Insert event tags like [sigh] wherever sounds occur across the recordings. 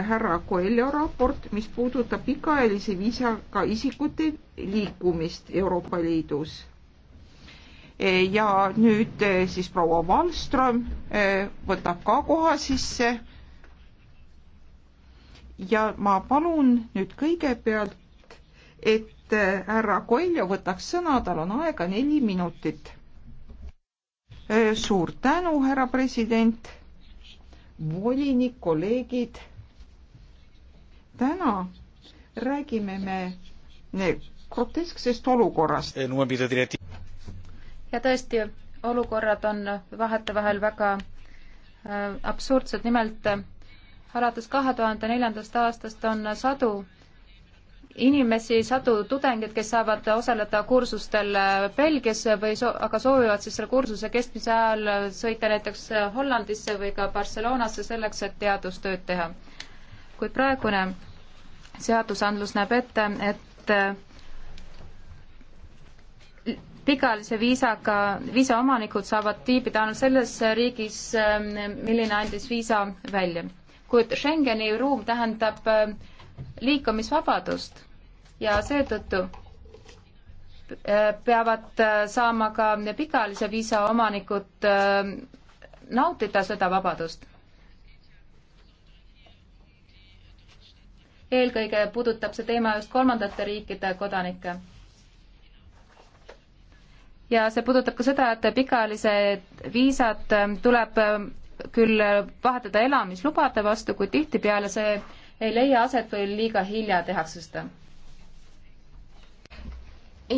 härra Coelho raport, mis puudutab pikaajalise viisaga isikute liikumist Euroopa Liidus. ja nüüd eh, siis proua Wallström eh, võtab ka koha sisse. ja ma palun nüüd kõigepealt, et eh, härra Coelho võtaks sõna, tal on aega neli minutit. suur tänu, härra president, volinik, kolleegid täna räägime me grotesksest olukorrast. Eh, ja tõesti, olukorrad on vahetevahel väga äh, absurdsed, nimelt äh, alates kahe tuhande neljandast aastast on sadu inimesi, sadu tudengeid, kes saavad osaleda kursustel äh, Belgias või so-, aga soovivad siis selle kursuse kestmise ajal äh, sõita näiteks äh, Hollandisse või ka Barcelonasse selleks, et teadustööd teha kuid praegune seadusandlus näeb ette, et äh, pikaajalise viisaga, viisa omanikud saavad viibida ainult selles riigis, ähm, milline andis viisa välja. kuid Schengeni ruum tähendab äh, liikumisvabadust ja seetõttu äh, peavad saama ka pikaajalise viisa omanikud nautida seda vabadust eelkõige puudutab see teema just kolmandate riikide kodanikke. ja see puudutab ka seda, et pikaajalised viisad tuleb küll vahetada elamislubade vastu, kuid tihtipeale see ei leia aset või liiga hilja tehakse seda.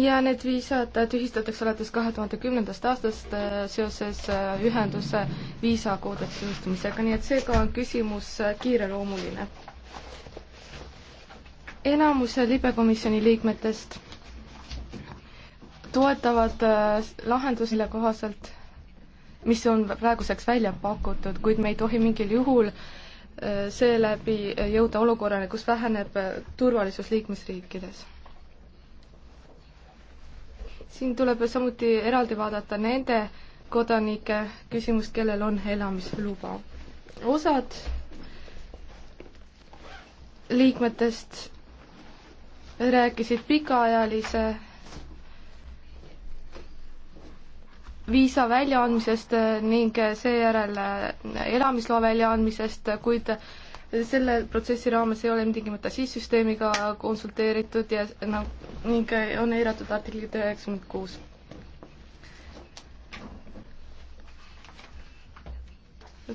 ja need viisad tühistatakse alates kahe tuhande kümnendast aastast äh, seoses äh, ühenduse viisakoodeksi jõustumisega, nii et seega on küsimus äh, kiireloomuline enamuse libekomisjoni liikmetest toetavad äh, lahendust, mille kohaselt, mis on praeguseks välja pakutud, kuid me ei tohi mingil juhul äh, seeläbi jõuda olukorrani, kus väheneb äh, turvalisus liikmesriikides. siin tuleb samuti eraldi vaadata nende kodanike küsimust, kellel on elamisluba. osad liikmetest rääkisid pikaajalise viisa väljaandmisest ning seejärel elamisloa väljaandmisest, kuid selle protsessi raames ei ole ilmtingimata sissüsteemiga konsulteeritud ja noh, ning on eiratud artiklit üheksakümmend kuus.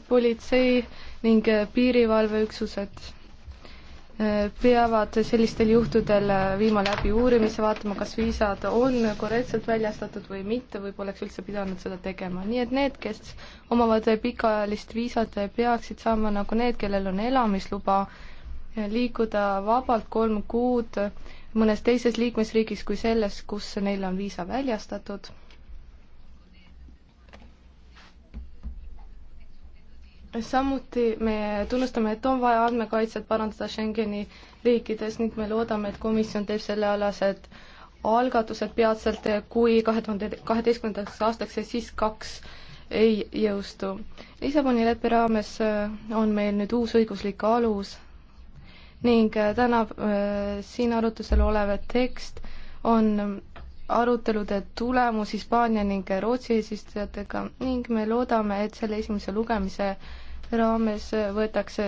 politsei ning piirivalveüksused peavad sellistel juhtudel viima läbi uurimise, vaatama, kas viisad on korrektselt väljastatud või mitte või poleks üldse pidanud seda tegema. nii et need, kes omavad pikaajalist viisat, peaksid saama nagu need, kellel on elamisluba, liikuda vabalt kolm kuud mõnes teises liikmesriigis kui selles, kus neile on viisa väljastatud samuti me tunnustame, et on vaja andmekaitset parandada Schengeni riikides ning me loodame, et komisjon teeb sellealased algatused peatselt, kui kahe tuhande kaheteistkümnendaks aastaks ja siis kaks ei jõustu. Lissaboni leppe raames äh, on meil nüüd uus õiguslik alus ning äh, täna äh, siin arutusel olev tekst on arutelude tulemus Hispaania ning Rootsi eesistujatega ning me loodame, et selle esimese lugemise raames võetakse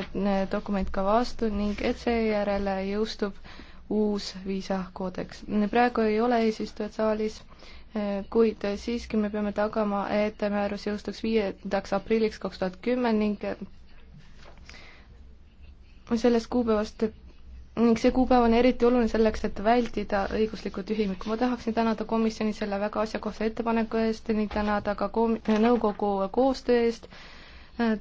dokument ka vastu ning et seejärel jõustub uus viisakoodeks. praegu ei ole eesistujad saalis, kuid siiski me peame tagama, et määrus jõustuks viiendaks aprilliks kaks tuhat kümme ning sellest kuupäevast ning see kuupäev on eriti oluline selleks, et vältida õiguslikku tühimikku. ma tahaksin tänada komisjoni selle väga asjakohase ettepaneku eest ning tänada ka kom-, nõukogu koostöö eest,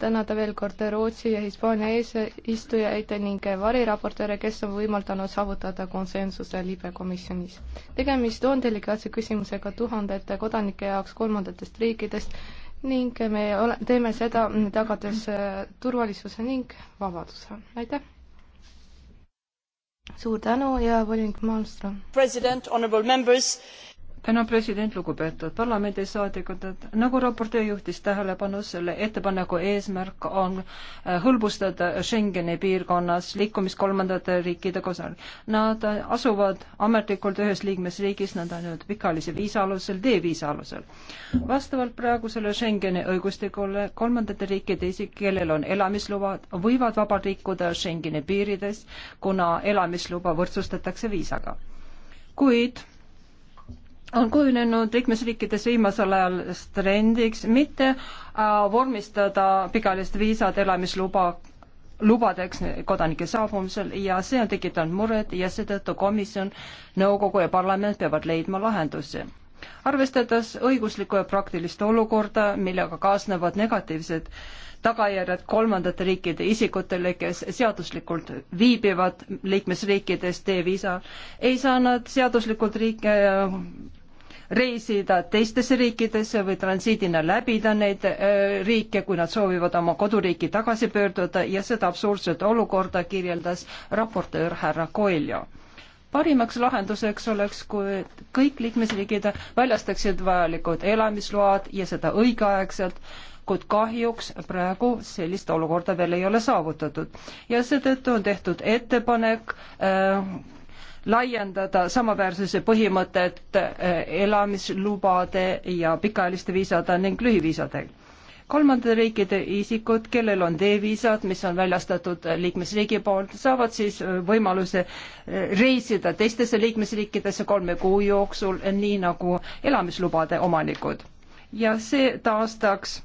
tänada veel kord Rootsi ja Hispaania eesistujaid ning variraportööre, kes on võimaldanud saavutada konsensuse libekomisjonis. tegemist on delikaatse küsimusega tuhandete kodanike jaoks kolmandatest riikidest ning me ole-, teeme seda, tagades äh, turvalisuse ning vabaduse. aitäh! suur tänu ja volinik Malmström. president, honorable members tänan, president, lugupeetud parlamendisaadikud, et nagu raportöö juhtis tähelepanu, selle ettepaneku eesmärk on äh, hõlbustada Schengeni piirkonnas liikumist kolmandate riikide kosal. Nad asuvad ametlikult ühes liikmesriigis, nad on nüüd pikaajalise viisa alusel, D-viisa alusel. vastavalt praegusele Schengeni õigustikule kolmandate riikide isik, kellel on elamisluba, võivad vabalt liikuda Schengeni piirides, kuna elamisluba võrdsustatakse viisaga. kuid on kujunenud liikmesriikides viimasel ajal trendiks mitte äh, vormistada pikaajalist viisat elamisluba lubadeks kodanike saabumisel ja see on tekitanud muret ja seetõttu komisjon, nõukogu ja parlament peavad leidma lahendusi. arvestades õiguslikku ja praktilist olukorda, millega kaasnevad negatiivsed tagajärjed kolmandate riikide isikutele, kes seaduslikult viibivad liikmesriikides D-viisa, ei saa nad seaduslikult riike reisida teistesse riikidesse või transiidina läbida neid äh, riike, kui nad soovivad oma koduriiki tagasi pöörduda ja seda absurdset olukorda kirjeldas raportöör härra Koiljo parimaks lahenduseks oleks, kui kõik liikmesriigid väljastaksid vajalikud elamisload ja seda õigeaegselt, kuid kahjuks praegu sellist olukorda veel ei ole saavutatud. ja seetõttu on tehtud ettepanek äh, laiendada samaväärsuse põhimõtet eh, elamislubade ja pikaajaliste viisade ning lühiviisadega kolmandate riikide isikud, kellel on D-viisad, mis on väljastatud liikmesriigi poolt, saavad siis eh, võimaluse eh, reisida teistesse liikmesriikidesse kolme kuu jooksul, nii nagu elamislubade omanikud. ja see taastaks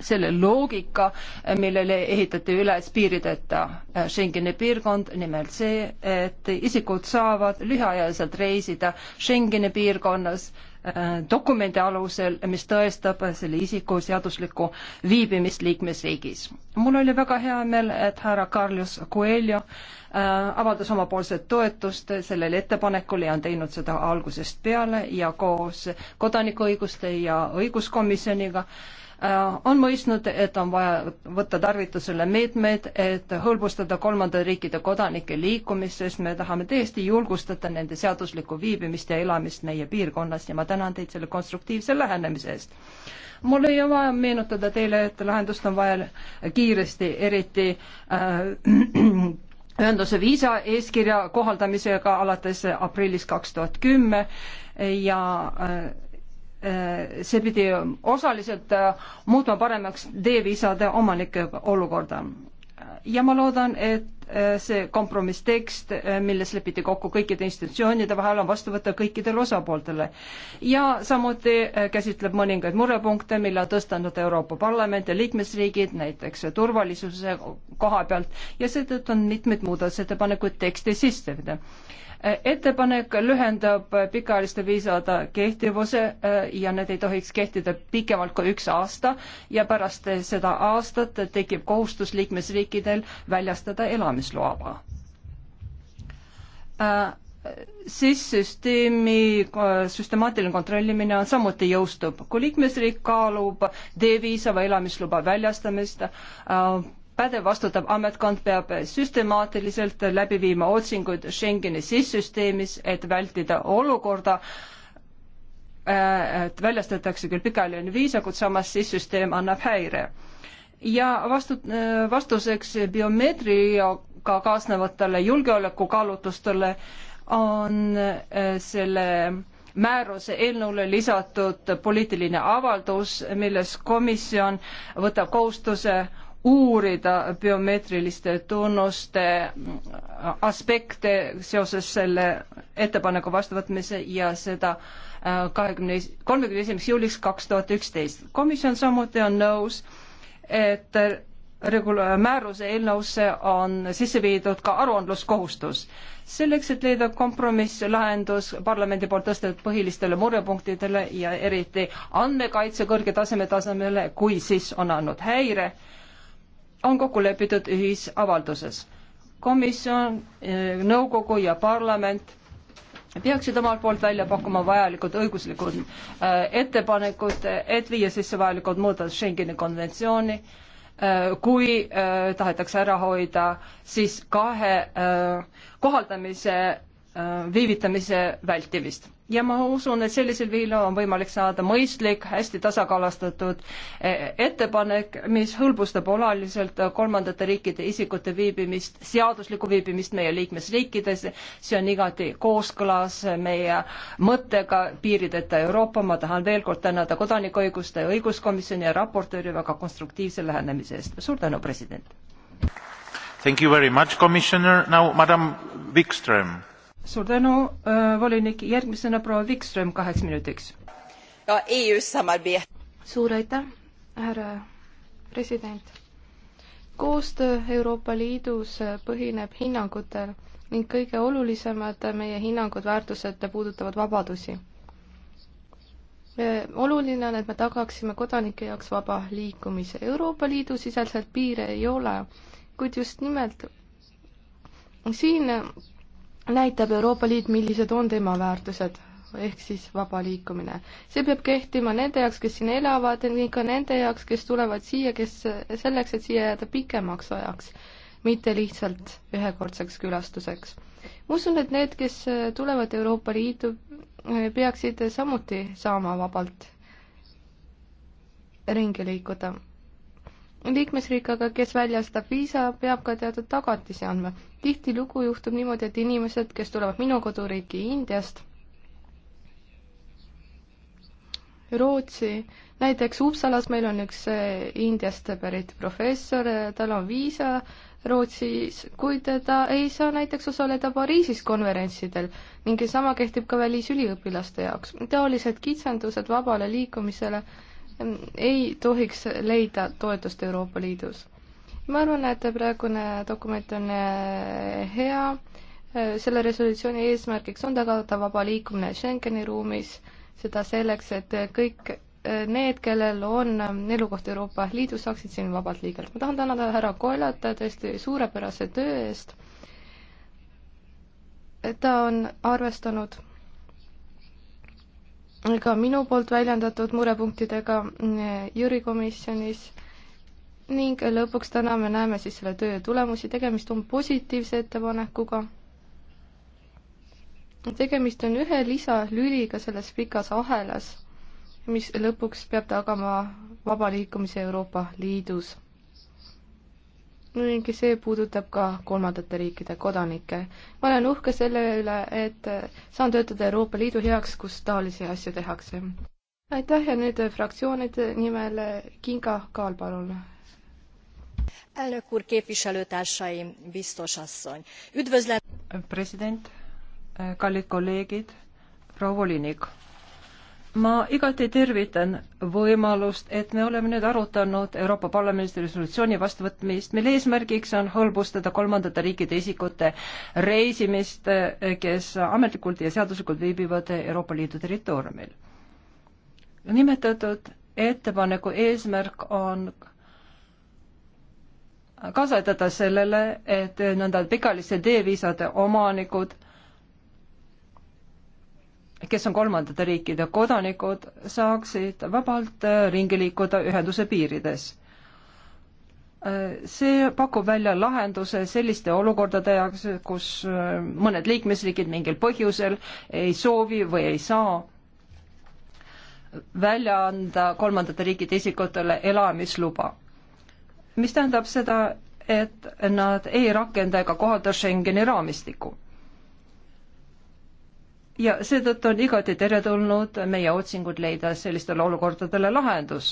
selle loogika, millele ehitati üles piirideta äh, Schengeni piirkond, nimelt see, et isikud saavad lühiajaliselt reisida Schengeni piirkonnas äh, dokumendi alusel, mis tõestab selle isiku seaduslikku viibimist liikmesriigis. mul oli väga hea meel, et härra Carlos Coelho äh, avaldas omapoolset toetust sellele ettepanekule ja on teinud seda algusest peale ja koos kodanikuõiguste ja õiguskomisjoniga äh, Äh, on mõistnud, et on vaja võtta tarvitusele meetmeid, et hõlbustada kolmandate riikide kodanike liikumist, sest me tahame tõesti julgustada nende seaduslikku viibimist ja elamist meie piirkonnas ja ma tänan teid selle konstruktiivse lähenemise eest mul ei ole vaja meenutada teile, et lahendust on vaja kiiresti, eriti äh, [clears throat] ühenduse viisa eeskirja kohaldamisega alates aprillist kaks tuhat kümme ja äh, Äh, see pidi osaliselt äh, muutma paremaks D-viisade omanike olukorda. ja ma loodan, et äh, see kompromisstekst, milles lepiti kokku kõikide institutsioonide vahel, on vastu võtta kõikidele osapooltele. ja samuti käsitleb mõningaid murepunkte, mille on tõstanud Euroopa Parlament ja liikmesriigid, näiteks turvalisuse koha pealt ja seetõttu on mitmeid muudatusettepanekuid teksti sisse viidud ettepanek lühendab pikaajaliste viisade kehtivuse äh, ja need ei tohiks kehtida pikemalt kui üks aasta ja pärast seda aastat tekib kohustus liikmesriikidel väljastada elamisloa. Äh, siis süsteemi äh, süstemaatiline kontrollimine on samuti jõustub, kui liikmesriik kaalub D-viisa või elamisluba väljastamist pädev vastutav ametkond peab süstemaatiliselt läbi viima otsinguid Schengeni sissüsteemis, et vältida olukorda, äh, et väljastatakse küll pikaajaline viisa, kuid samas sissüsteem annab häire. ja vastu, äh, vastuseks biomeetriaga kaasnevatele julgeolekukaalutlustele on äh, selle määruse eelnõule lisatud poliitiline avaldus, milles komisjon võtab kohustuse uurida biomeetriliste tunnuste aspekte seoses selle ettepaneku vastuvõtmise ja seda äh, kahekümne, kolmekümne esimeseks juuliks kaks tuhat üksteist. komisjon samuti on nõus, et regula-, määruse eelnõusse on sisse viidud ka aruandluskohustus. selleks, et leida kompromisslahendus parlamendi poolt tõstetud põhilistele murepunktidele ja eriti andmekaitse kõrge taseme tasemele, kui siis on andnud häire äh, on kokku lepitud ühisavalduses. komisjon, eh, nõukogu ja parlament peaksid omalt poolt välja pakkuma vajalikud õiguslikud eh, ettepanekud, et viia sisse vajalikud muudatused Schengeni konventsiooni, eh, kui tahetakse ära hoida siis kahe kohaldamise Äh, viivitamise vältimist. ja ma usun, et sellisel viil on võimalik saada mõistlik, hästi tasakaalustatud äh, ettepanek, mis hõlbustab alaliselt kolmandate riikide isikute viibimist, seaduslikku viibimist meie liikmesriikides, see on igati kooskõlas meie mõttega piirideta Euroopa, ma tahan veel kord tänada Kodanikuõiguste õiguskomisjoni ja raportööri väga konstruktiivse lähenemise eest. suur tänu, president! Thank you very much, commissioner, now madam Wikström suur tänu, äh, volinik, järgmisena proua Wikström kaheks minutiks. E suur aitäh, härra president. koostöö Euroopa Liidus põhineb hinnangutel ning kõige olulisemad meie hinnangud, väärtused puudutavad vabadusi. oluline on, et me tagaksime kodanike jaoks vaba liikumise. Euroopa Liidu siseselt piire ei ole, kuid just nimelt siin näitab Euroopa Liit, millised on tema väärtused ehk siis vaba liikumine. see peab kehtima nende jaoks, kes siin elavad ning ka nende jaoks, kes tulevad siia, kes selleks, et siia jääda pikemaks ajaks, mitte lihtsalt ühekordseks külastuseks. ma usun, et need, kes tulevad Euroopa Liitu, peaksid samuti saama vabalt ringi liikuda liikmesriik aga, kes väljastab viisa, peab ka teatud tagatisi andma. tihtilugu juhtub niimoodi, et inimesed, kes tulevad minu koduriiki Indiast, Rootsi, näiteks Uppsalas meil on üks eh, Indiast pärit professor, eh, tal on viisa Rootsis, kuid ta ei saa näiteks osaleda Pariisis konverentsidel ning sama kehtib ka välisüliõpilaste jaoks. taolised kitsendused vabale liikumisele äh, ei tohiks leida toetust Euroopa Liidus. ma arvan, et praegune dokument on eh, hea, eh, selle resolutsiooni eesmärgiks on tagada vaba liikumine Schengeni ruumis, seda selleks, et kõik eh, need, kellel on elukoht Euroopa Liidus, saaksid siin vabalt liigelda. ma tahan tänada härra Koilat tõesti suurepärase töö eest, ta on arvestanud ka minu poolt väljendatud murepunktidega mm, Jüri komisjonis ning lõpuks täna me näeme siis selle töö tulemusi, tegemist on positiivse ettepanekuga. tegemist on ühe lisalüliga selles pikas ahelas, mis lõpuks peab tagama vaba liikumise Euroopa Liidus ning see puudutab ka kolmandate riikide kodanikke. ma olen uhke selle üle, et saan töötada Euroopa Liidu heaks, kus taolisi asju tehakse. aitäh ja nüüd fraktsioonide nimel Kinga Kaal, palun. president, kallid kolleegid, proua volinik ma igati tervitan võimalust, et me oleme nüüd arutanud Euroopa Parlamendi resolutsiooni vastuvõtmist, mille eesmärgiks on hõlbustada kolmandate riikide isikute reisimist, kes ametlikult ja seaduslikult viibivad Euroopa Liidu territooriumil. nimetatud ettepaneku eesmärk on kaasa aidata sellele, et nõnda pikaajaliste D-viisade omanikud kes on kolmandate riikide kodanikud, saaksid vabalt äh, ringi liikuda ühenduse piirides. Äh, see pakub välja lahenduse selliste olukordade jaoks, kus äh, mõned liikmesriigid mingil põhjusel ei soovi või ei saa välja anda kolmandate riikide isikutele elamisluba. mis tähendab seda, et nad ei rakenda ega kohalda Schengeni raamistikku ja seetõttu on igati teretulnud meie otsingud leida sellistele olukordadele lahendus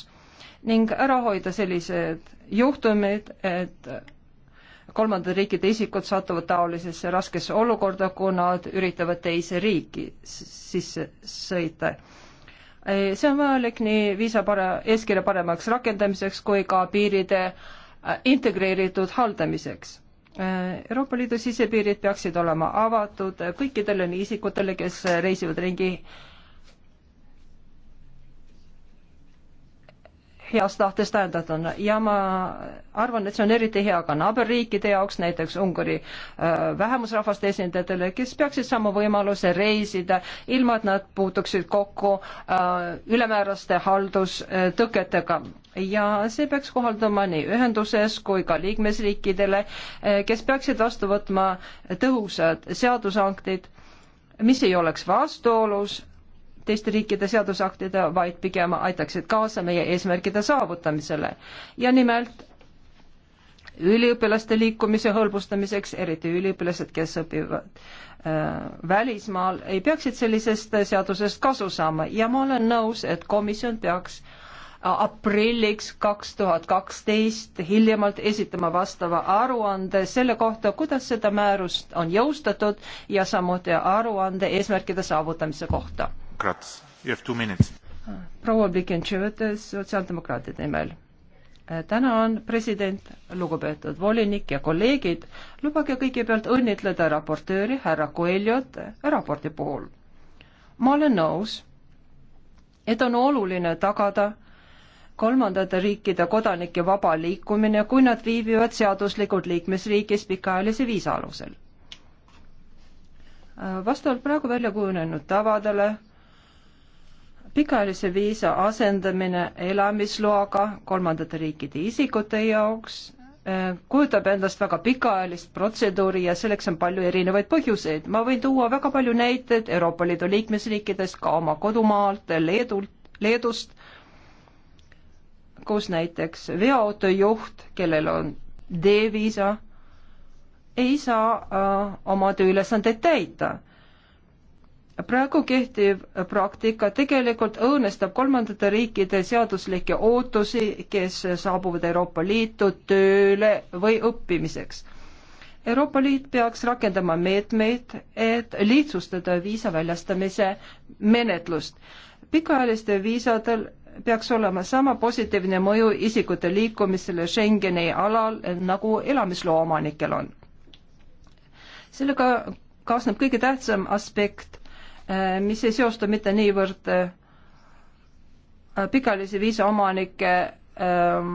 ning ära hoida sellised juhtumid, et kolmandate riikide isikud satuvad taolisesse raskesse olukorda, kui nad üritavad teise riiki sisse sõita. see on vajalik nii viisa pare-, eeskirja paremaks rakendamiseks kui ka piiride äh, integreeritud haldamiseks Äh, Euroopa Liidu sisepiirid peaksid olema avatud kõikidele isikutele, kes reisivad ringi heast tahtest ajendatuna ja ma arvan, et see on eriti hea ka naaberriikide jaoks, näiteks Ungari äh, vähemusrahvaste esindajatele, kes peaksid saama võimaluse reisida, ilma et nad puutuksid kokku äh, ülemääraste haldustõketega ja see peaks kohalduma nii ühenduses kui ka liikmesriikidele, eh, kes peaksid vastu võtma tõhusad seadusaktid, mis ei oleks vastuolus teiste riikide seadusaktide, vaid pigem aitaksid kaasa meie eesmärkide saavutamisele. ja nimelt üliõpilaste liikumise hõlbustamiseks, eriti üliõpilased, kes õpivad eh, välismaal ei peaksid sellisest seadusest kasu saama ja ma olen nõus, et komisjon peaks aprilliks kaks tuhat kaksteist hiljemalt esitama vastava aruande selle kohta, kuidas seda määrust on jõustatud ja samuti aruande eesmärkide saavutamise kohta. proua Blikentšev, sotsiaaldemokraatide nimel tänan, president, lugupeetud volinik ja kolleegid. lubage kõigepealt õnnitleda raportööri härra Koeljot raporti puhul. ma olen nõus, et on oluline tagada kolmandate riikide kodanike vaba liikumine, kui nad viibivad seaduslikult liikmesriigis pikaajalise viisa alusel. vastavalt praegu välja kujunenud tavadele pikaajalise viisa asendamine elamisloaga kolmandate riikide isikute jaoks eh, kujutab endast väga pikaajalist protseduuri ja selleks on palju erinevaid põhjuseid. ma võin tuua väga palju näiteid Euroopa Liidu liikmesriikidest, ka oma kodumaalt, Leedult, Leedust, kus näiteks veoautojuht, kellel on D-viisa, ei saa äh, oma tööülesandeid täita. praegu kehtiv praktika tegelikult õõnestab kolmandate riikide seaduslikke ootusi, kes saabuvad Euroopa Liitu tööle või õppimiseks. Euroopa Liit peaks rakendama meetmeid, et lihtsustada viisa väljastamise menetlust. pikaajalistel viisadel peaks olema sama positiivne mõju isikute liikumisele Schengeni alal, nagu elamisloa omanikel on. sellega kaasneb kõige tähtsam aspekt, eh, mis ei seostu mitte niivõrd eh, pikaajalise viisa omanike eh,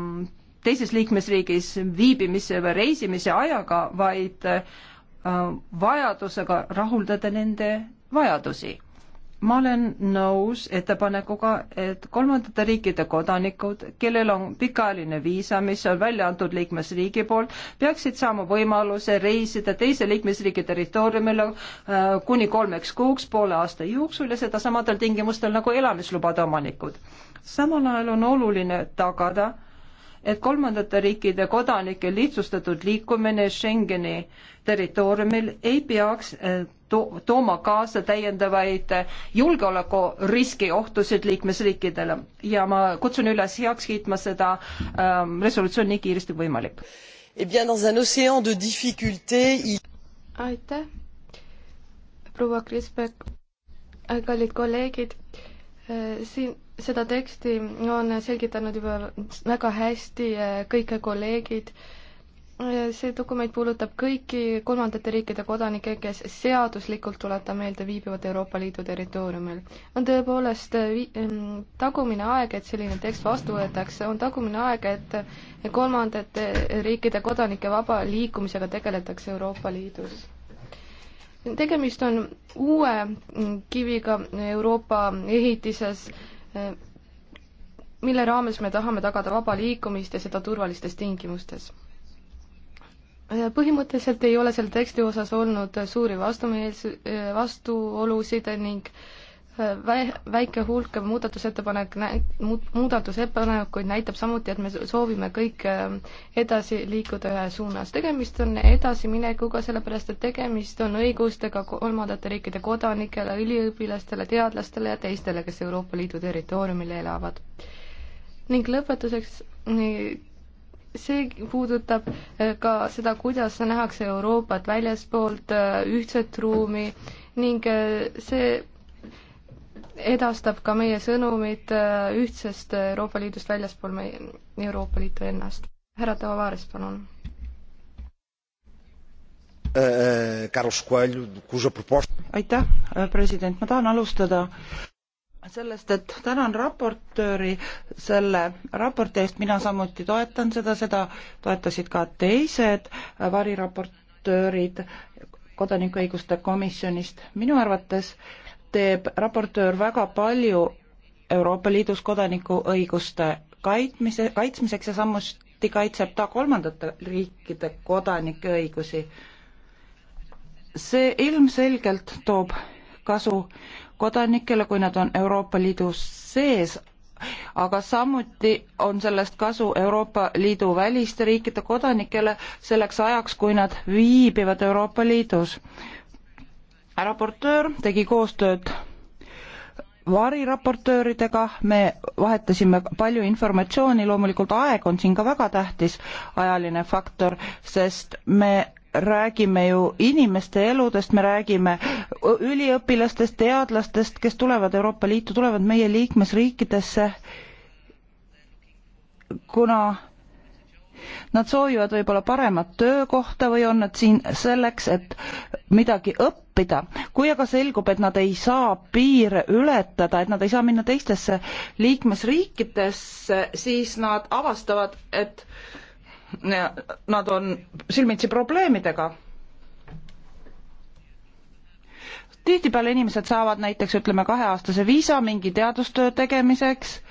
teises liikmesriigis viibimise või reisimise ajaga, vaid vajadusega rahuldada nende vajadusi ma olen nõus ettepanekuga, et kolmandate riikide kodanikud, kellel on pikaajaline viisa, mis on välja antud liikmesriigi poolt, peaksid saama võimaluse reisida teise liikmesriigi territooriumile äh, kuni kolmeks kuuks poole aasta jooksul ja seda samadel tingimustel nagu elamislubade omanikud. samal ajal on oluline tagada, et kolmandate riikide kodanike lihtsustatud liikumine Schengeni territooriumil ei peaks äh, to tooma kaasa täiendavaid julgeolekuriski ohtusid liikmesriikidele ja ma kutsun üles heaks kiitma seda ähm, resolutsiooni nii kiiresti kui võimalik. Eh aitäh, proua Krisberg, äh, kallid kolleegid, äh, siin seda teksti on selgitanud juba väga hästi äh, kõik kolleegid see dokument puudutab kõiki kolmandate riikide kodanikke, kes seaduslikult, tuletan meelde, viibivad Euroopa Liidu territooriumil. on tõepoolest äh, ähm, tagumine aeg, et selline tekst vastu võetakse, on tagumine aeg, et kolmandate riikide kodanike vaba liikumisega tegeletakse Euroopa Liidus. tegemist on uue kiviga Euroopa ehitises, äh, mille raames me tahame tagada vaba liikumist ja seda turvalistes tingimustes Äh, põhimõtteliselt ei ole selle teksti osas olnud äh, suuri vastumeels-, äh, vastuolusid ning vä-, väike hulk muudatusettepanek nä-, muudatusettepanekuid näitab samuti, et me soovime kõik edasi liikuda ühes suunas. tegemist on edasiminekuga, sellepärast et tegemist on õigustega kolmandate riikide kodanikele, üliõpilastele, teadlastele ja teistele, kes Euroopa Liidu territooriumil elavad. ning lõpetuseks nii see puudutab äh, ka seda, kuidas nähakse Euroopat väljaspoolt äh, ühtset ruumi ning äh, see edastab ka meie sõnumit ühtsest Euroopa Liidust väljaspool meie Euroopa Liitu ennast. härra Tavares, palun. aitäh, president, ma tahan alustada sellest, et tänan raportööri selle raporti eest, mina samuti toetan seda, seda toetasid ka teised variraportöörid kodanikuõiguste komisjonist. minu arvates teeb raportöör väga palju Euroopa Liidus kodanikuõiguste kaitmise, kaitsmiseks ja samuti kaitseb ta kolmandate riikide kodanike õigusi. see ilmselgelt toob kasu kodanikele, kui nad on Euroopa Liidu sees, aga samuti on sellest kasu Euroopa Liidu väliste riikide kodanikele selleks ajaks, kui nad viibivad Euroopa Liidus. raportöör tegi koostööd variraportööridega, me vahetasime palju informatsiooni, loomulikult aeg on siin ka väga tähtis ajaline faktor, sest me räägime ju inimeste eludest, me räägime üliõpilastest, teadlastest, kes tulevad Euroopa Liitu, tulevad meie liikmesriikidesse, kuna nad soovivad võib-olla paremat töökohta või on nad siin selleks, et midagi õppida. kui aga selgub, et nad ei saa piire ületada, et nad ei saa minna teistesse liikmesriikidesse, siis nad avastavad, et nad on silmitsi probleemidega. tihtipeale inimesed saavad näiteks ütleme kaheaastase viisa mingi teadustöö tegemiseks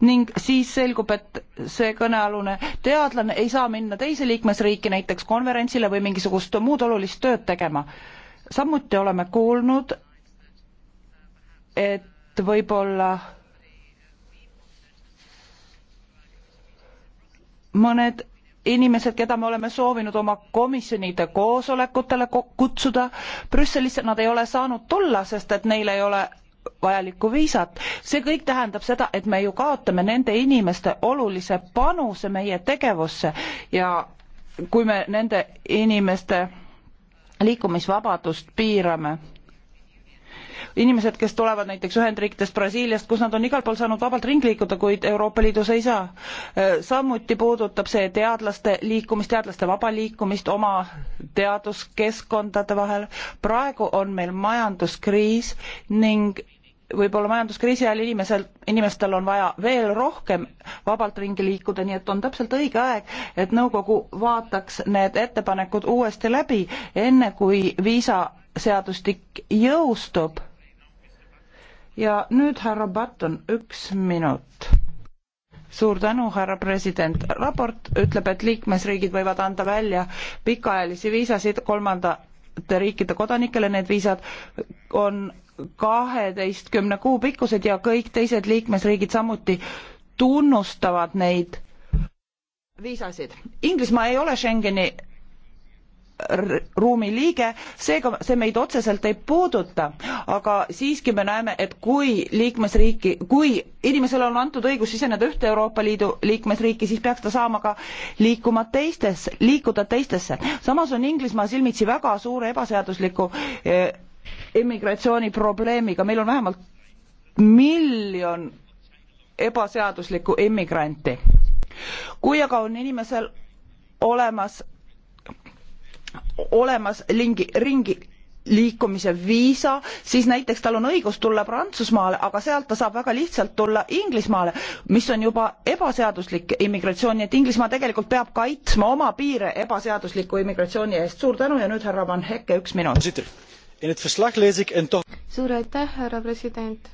ning siis selgub, et see kõnealune teadlane ei saa minna teise liikmesriiki näiteks konverentsile või mingisugust muud olulist tööd tegema. samuti oleme kuulnud, et võib-olla mõned inimesed, keda me oleme soovinud oma komisjonide koosolekutele kutsuda Brüsselisse, nad ei ole saanud tulla, sest et neil ei ole vajalikku viisat. see kõik tähendab seda, et me ju kaotame nende inimeste olulise panuse meie tegevusse ja kui me nende inimeste liikumisvabadust piirame inimesed, kes tulevad näiteks Ühendriikidest, Brasiiliast, kus nad on igal pool saanud vabalt ringi liikuda, kuid Euroopa Liidus ei saa. Äh, samuti puudutab see teadlaste liikumist, teadlaste vaba liikumist oma teaduskeskkondade vahel. praegu on meil majanduskriis ning võib-olla majanduskriisi ajal inimesel, inimestel on vaja veel rohkem vabalt ringi liikuda, nii et on täpselt õige aeg, et nõukogu vaataks need ettepanekud uuesti läbi, enne kui viisaseadustik jõustub ja nüüd härra Patton, üks minut. suur tänu, härra president. raport ütleb, et liikmesriigid võivad anda välja pikaajalisi viisasid kolmandate riikide kodanikele, need viisad on kaheteistkümne kuu pikkused ja kõik teised liikmesriigid samuti tunnustavad neid viisasid. Inglismaa ei ole Schengeni ruumi liige seega see meid otseselt ei puuduta aga siiski me näeme et kui liikmesriiki kui inimesele on antud õigus siseneda ühte euroopa liidu liikmesriiki siis peaks ta saama ka liikuma teistes liikuda teistesse samas on inglismaa silmitsi väga suure ebaseadusliku eh, immigratsiooni probleemiga meil on vähemalt miljon ebaseaduslikku immigranti kui aga on inimesel olemas olemas lingi, ringi liikumise viisa, siis näiteks tal on õigus tulla Prantsusmaale, aga sealt ta saab väga lihtsalt tulla Inglismaale, mis on juba ebaseaduslik immigratsioon, nii et Inglismaa tegelikult peab kaitsma oma piire ebaseadusliku immigratsiooni eest. suur tänu ja nüüd härra Van Hekke, üks minut. suur aitäh, härra president.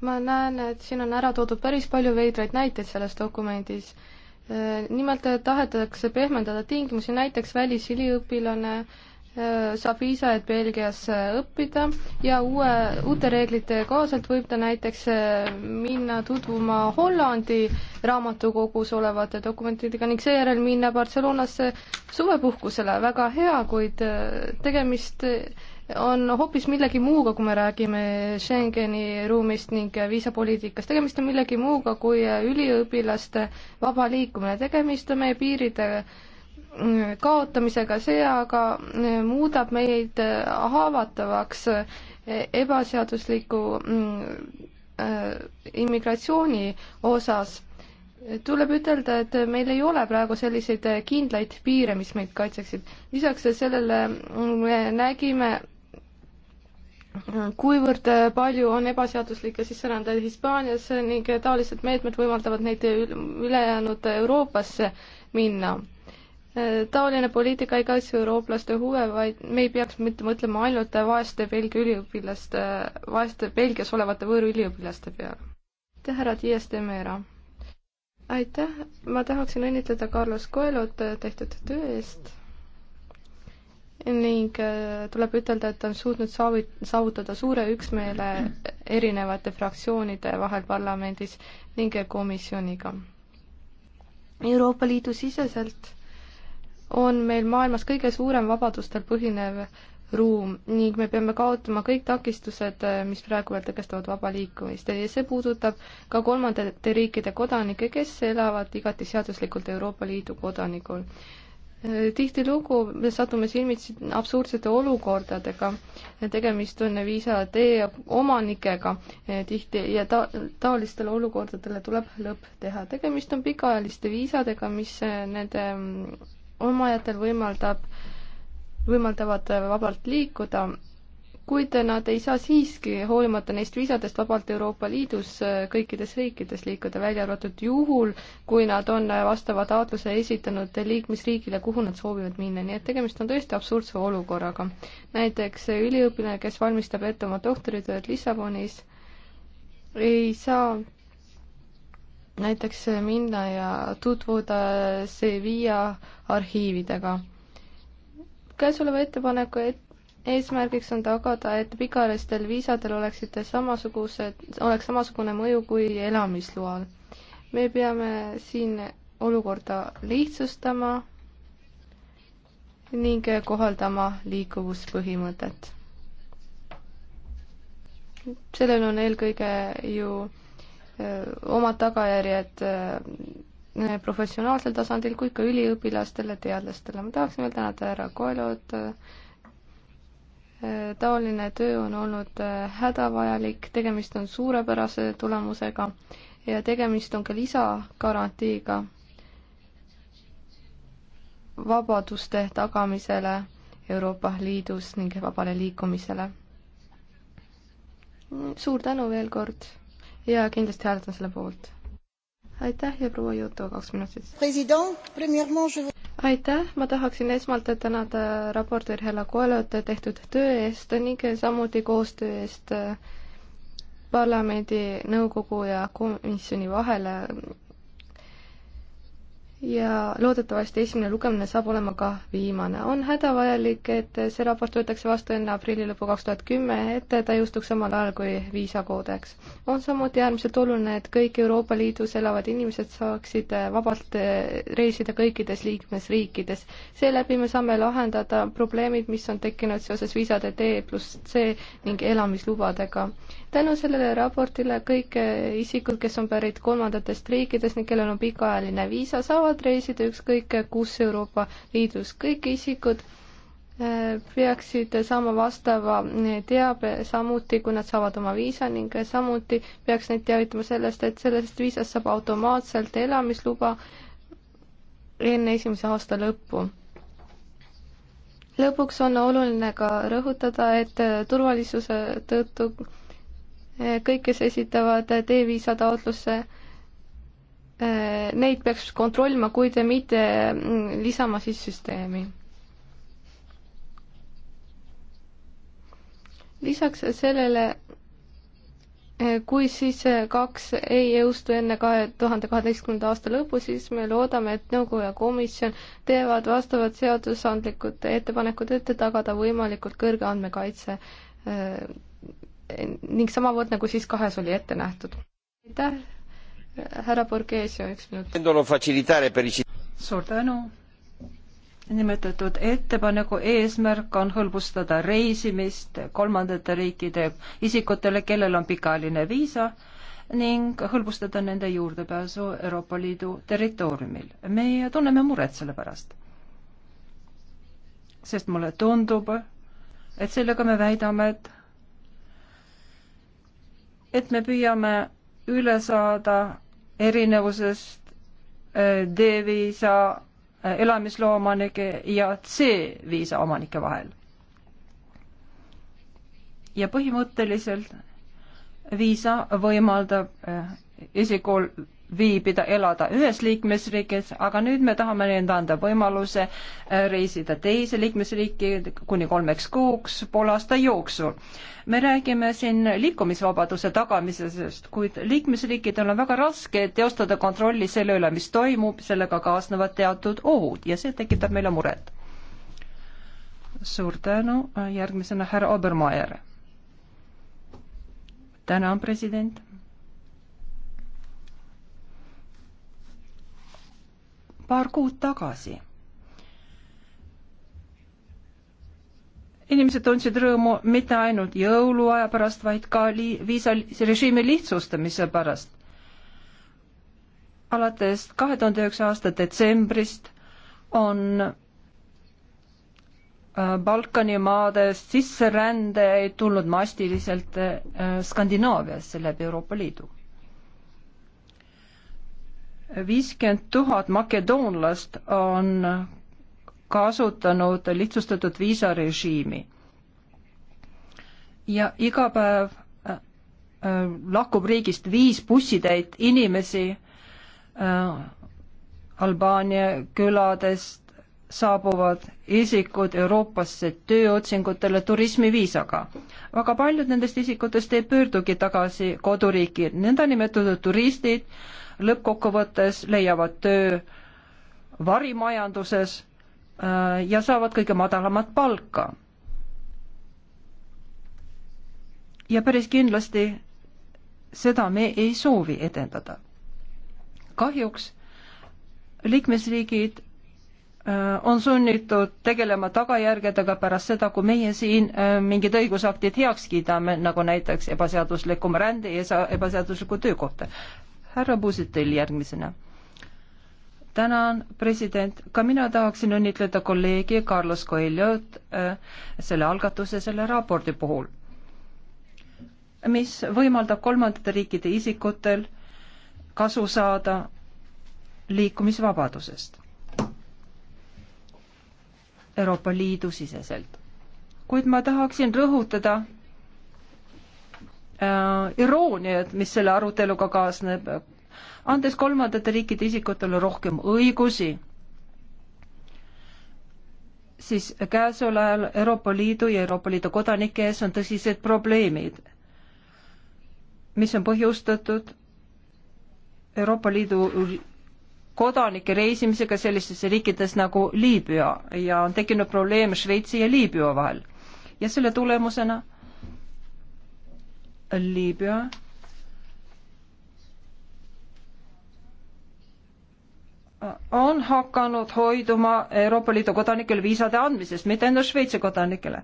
ma näen, et siin on ära toodud päris palju veidraid näiteid selles dokumendis nimelt tahetakse pehmendada tingimusi, näiteks välisüliõpilane äh, saab viisa, et Belgias äh, õppida ja uue, uute reeglite kohaselt võib ta näiteks äh, minna tutvuma Hollandi raamatukogus olevate dokumentidega ning seejärel minna Barcelonasse suvepuhkusele. väga hea, kuid tegemist on hoopis millegi muuga, kui me räägime Schengeni ruumist ning viisapoliitikast, tegemist on millegi muuga kui üliõpilaste vaba liikumine, tegemist on meie piiride mm, kaotamisega, see aga mm, muudab meid haavatavaks ebaseadusliku mm, äh, immigratsiooni osas tuleb ütelda, et meil ei ole praegu selliseid kindlaid piire, mis meid kaitseksid. lisaks sellele me nägime kuivõrd palju on ebaseaduslikke sisserändajaid Hispaanias ning taolised meetmed võimaldavad neid ülejäänud Euroopasse minna. taoline poliitika ei kaitse eurooplaste huve, vaid me ei peaks mitte mõtlema ainult vaeste Belgia üliõpilaste, vaeste Belgias olevate võõrüliõpilaste peale. aitäh, härra Dias de Mera! aitäh, ma tahaksin õnnitleda Carlos Coelot tehtud töö eest ning äh, tuleb ütelda, et ta on suutnud saavit-, saavutada suure üksmeele erinevate fraktsioonide vahel parlamendis ning komisjoniga. Euroopa Liidu siseselt on meil maailmas kõige suurem vabadustel põhinev ruum ning me peame kaotama kõik takistused, äh, mis praegu veel tõkestavad vaba liikumist ja see puudutab ka kolmandate riikide kodanikke, kes elavad igati seaduslikult Euroopa Liidu kodanikul tihtilugu me satume silmitsi absurdsete olukordadega, tegemist on viisa tee omanikega tihti ja ta-, taolistele olukordadele tuleb lõpp teha. tegemist on pikaajaliste viisadega, mis nende mm, omajatel võimaldab, võimaldavad vabalt liikuda kuid nad ei saa siiski, hoolimata neist viisadest, vabalt Euroopa Liidus äh, kõikides riikides liikuda, välja arvatud juhul, kui nad on äh, vastava taotluse esitanud liikmesriigile, kuhu nad soovivad minna, nii et tegemist on tõesti absurdse olukorraga. näiteks üliõpilane, kes valmistab ette oma doktoritööd Lissabonis, ei saa näiteks minna ja tutvuda äh, Sevilla arhiividega käesoleva ettepaneku et eesmärgiks on tagada, et pikaajalistel viisadel oleksid samasugused, oleks samasugune mõju kui elamisloal. me peame siin olukorda lihtsustama ning kohaldama liikuvuspõhimõtet sellel on eelkõige ju öö, omad tagajärjed öö, professionaalsel tasandil kui ka üliõpilastele, teadlastele. ma tahaksin veel tänada härra Koelot, Äh, taoline töö on olnud äh, hädavajalik, tegemist on suurepärase tulemusega ja tegemist on ka lisagarantiiga vabaduste tagamisele Euroopa Liidus ning vabale liikumisele. suur tänu veel kord ja kindlasti hääletan selle poolt. aitäh ja proua Juto, kaks minutit aitäh, ma tahaksin esmalt tänada raportöör Hela Koelot tehtud töö eest ning samuti koostöö eest äh, parlamendi, nõukogu ja komisjoni vahele ja loodetavasti esimene lugemine saab olema ka viimane. on hädavajalik, et see raport võetakse vastu enne aprilli lõppu kaks tuhat kümme, et ta jõustuks samal ajal kui viisakoodeks. on samuti äärmiselt oluline, et kõik Euroopa Liidus elavad inimesed saaksid vabalt reisida kõikides liikmesriikides. seeläbi me saame lahendada probleemid, mis on tekkinud seoses viisade D pluss C ning elamislubadega tänu sellele raportile kõik eh, isikud, kes on pärit kolmandatest riikidest ning kellel on pikaajaline viisa, saavad reisida ükskõik kus Euroopa Liidus. kõik isikud eh, peaksid saama vastava eh, teabe samuti, kui nad saavad oma viisa ning samuti peaks neid teavitama sellest, et sellest viisast saab automaatselt elamisluba enne esimese aasta lõppu. lõpuks on oluline ka rõhutada, et turvalisuse tõttu kõik, kes esitavad D-viisa taotlusse, äh, neid peaks kontrollima, kuid mitte mm, lisama siis süsteemi. lisaks sellele, äh, kui siis kaks ei jõustu enne kahe tuhande kaheteistkümnenda aasta lõppu, siis me loodame, et nõukogu ja komisjon teevad vastavad seadusandlikud ettepanekud, et tagada võimalikult kõrge andmekaitse äh, ning samavõrd, nagu siis kahes oli ette nähtud. aitäh, härra Borghesio, üks minut. suur tänu. nimetatud ettepaneku eesmärk on hõlbustada reisimist kolmandate riikide isikutele, kellel on pikaajaline viisa ning hõlbustada nende juurdepääsu Euroopa Liidu territooriumil. meie tunneme muret selle pärast. sest mulle tundub, et sellega me väidame, et et me püüame üle saada erinevusest äh, D-viisa äh, elamisloomanike ja C-viisa omanike vahel. ja põhimõtteliselt viisa võimaldab äh, isikul viibida, elada ühes liikmesriigis, aga nüüd me tahame neile anda võimaluse äh, reisida teise liikmesriiki kuni kolmeks kuuks poole aasta jooksul. me räägime siin liikumisvabaduse tagamisest, kuid liikmesriikidel on väga raske teostada kontrolli selle üle, mis toimub, sellega kaasnevad teatud ohud ja see tekitab meile muret. suur tänu, äh, järgmisena härra Obermeier. tänan, president paar kuud tagasi. inimesed tundsid rõõmu mitte ainult jõuluaja pärast, vaid ka li-, viisarežiimi lihtsustamise pärast. alates kahe tuhande üheksa aasta detsembrist on äh, Balkani maadest sisserändajaid tulnud massiliselt äh, Skandinaaviasse läbi Euroopa Liidu viiskümmend tuhat makedoonlast on kasutanud lihtsustatud viisarežiimi. ja iga päev äh, äh, lahkub riigist viis bussitäit inimesi äh, Albaania küladest saabuvad isikud Euroopasse tööotsingutele turismiviisaga. väga paljud nendest isikutest ei pöördugi tagasi koduriiki, nõndanimetatud turistid lõppkokkuvõttes leiavad töö varimajanduses äh, ja saavad kõige madalamat palka. ja päris kindlasti seda me ei soovi edendada. kahjuks liikmesriigid äh, on sunnitud tegelema tagajärgedega pärast seda, kui meie siin äh, mingid õigusaktid heaks kiidame, nagu näiteks ebaseaduslikum rände ja ebaseaduslikku töökohta härra Puusitel järgmisena. tänan, president, ka mina tahaksin õnnitleda kolleegi Carlos Coelhot äh, selle algatuse, selle raporti puhul, mis võimaldab kolmandate riikide isikutel kasu saada liikumisvabadusest Euroopa Liidu siseselt. kuid ma tahaksin rõhutada Äh, irooniat, mis selle aruteluga kaasneb, andes kolmandate riikide isikutele rohkem õigusi, siis käesoleval Euroopa Liidu ja Euroopa Liidu kodanike ees on tõsised probleemid, mis on põhjustatud Euroopa Liidu kodanike reisimisega sellistesse riikides nagu Liibüa ja on tekkinud probleem Šveitsi ja Liibüa vahel. ja selle tulemusena Liibüa on hakanud hoiduma Euroopa Liidu kodanikele viisade andmisest, mitte ainult Šveitsi kodanikele.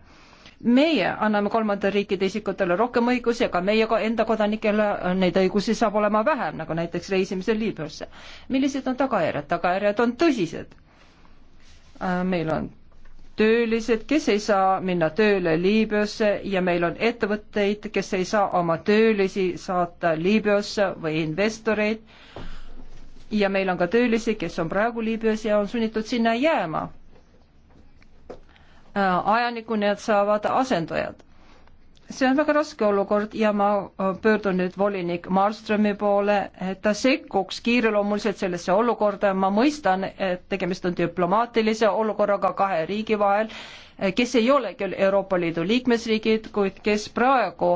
meie anname kolmandate riikide isikutele rohkem õigusi, aga meie enda kodanikele neid õigusi saab olema vähem, nagu näiteks reisimisel Liibüasse. millised on tagajärjed? tagajärjed on tõsised. Äh, meil on töölised, kes ei saa minna tööle Liibüasse ja meil on ettevõtteid, kes ei saa oma töölisi saata Liibüasse või investoreid. ja meil on ka töölisi, kes on praegu Liibüas ja on sunnitud sinna jääma. Äh, ajanikku need saavad asendajad see on väga raske olukord ja ma äh, pöördun nüüd volinik Marströmi poole, et ta sekkuks kiireloomuliselt sellesse olukorda ja ma mõistan, et tegemist on diplomaatilise olukorraga kahe riigi vahel, äh, kes ei ole küll Euroopa Liidu liikmesriigid, kuid kes praegu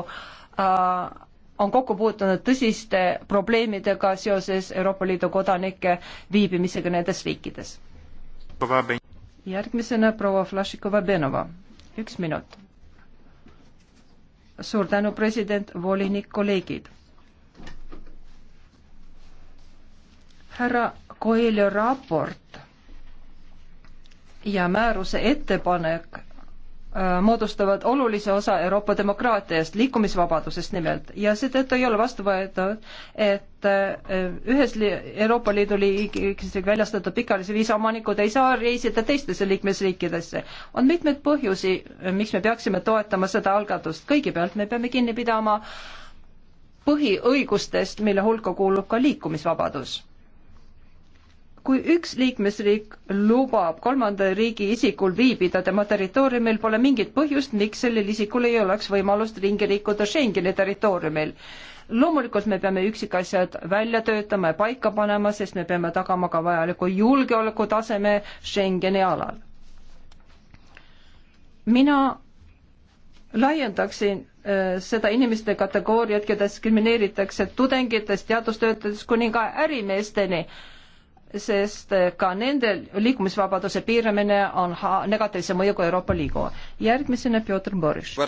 äh, on kokku puutunud tõsiste probleemidega seoses Euroopa Liidu kodanike viibimisega nendes riikides. järgmisena proua Flašikova-Benova, üks minut suur tänu, president, volinik, kolleegid. härra Coelho raport ja määruse ettepanek Äh, moodustavad olulise osa Euroopa demokraatiast, liikumisvabadusest nimelt, ja seetõttu ei ole vastuvõetav, et äh, ühes li Euroopa Liidu liigis väljastatud pikaajalise viisa omanikud ei saa reisida teistesse liikmesriikidesse. on mitmeid põhjusi, miks me peaksime toetama seda algatust, kõigepealt me peame kinni pidama põhiõigustest, mille hulka kuulub ka liikumisvabadus kui üks liikmesriik lubab kolmanda riigi isikul viibida tema territooriumil, pole mingit põhjust, miks sellel isikul ei oleks võimalust ringi liikuda Schengeni territooriumil. loomulikult me peame üksikasjad välja töötama ja paika panema, sest me peame tagama ka vajaliku julgeolekutaseme Schengeni alal. mina laiendaksin äh, seda inimeste kategooriat, keda diskrimineeritakse tudengitest, teadustöötajatest kuni ka ärimeesteni sest ka nendel liikumisvabaduse piiramine on ha negatiivse mõjuga Euroopa Liidu. järgmisena Piotr Boris. E,